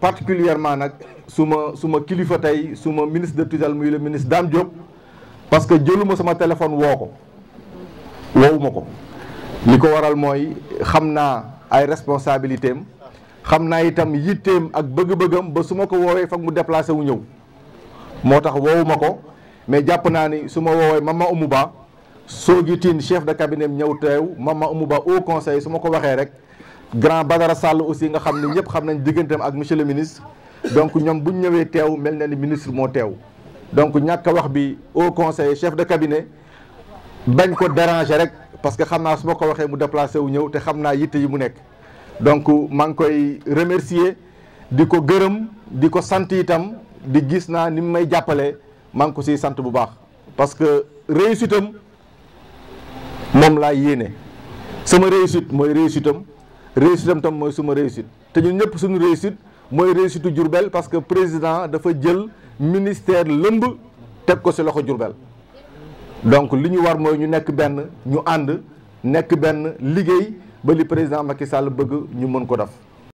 particulièrement nag su ma su ma kilifa tey su ma ministre de tutelle muy le ministre Dame Diop parce que jëluma sama téléphone woo ko woowuma ko li ko waral mooy xam naa ay responsabilité am xam naa itam yitteem ak bëgg-bëggam ba su ma ko woowee fag mu déplacé wu ñëw moo tax woowuma ko mais jàpp naa ni su ma woowee ma Oumou Ba soo gi tiin chef de cabinet ñëw teew ma Oumou Ba au conseil su ma ko waxee rek grand Badara Sall aussi nga xam ne ñëpp xam nañ digganteem ak monsieur le ministre donc ñoom bu ñu ñëwee teew mel na ni ministre moo teew donc ñàkk wax bi au conseil chef de cabinet bañ ko déranger rek parce que xam naa su ma ko waxee mu déplacé wu ñëw te xam naa yitte yi mu nekk donc maa ngi koy remercier di ko gërëm di ko sant itam di gis naa ni mu may jàppale maa ngi ko si sant bu baax parce que réussite am moom laa yéene sama réussite mooy réussite am réussite am tam mooy suma réussite te ñun ñëpp suñu réussite mooy réussite u parce que président dafa jël ministère lëmb teg ko si loxo Diourbel donc li ñu war mooy ñu nekk benn ñu ànd nekk benn liggéey ba li président Macky Sall bëgg ñu mën ko def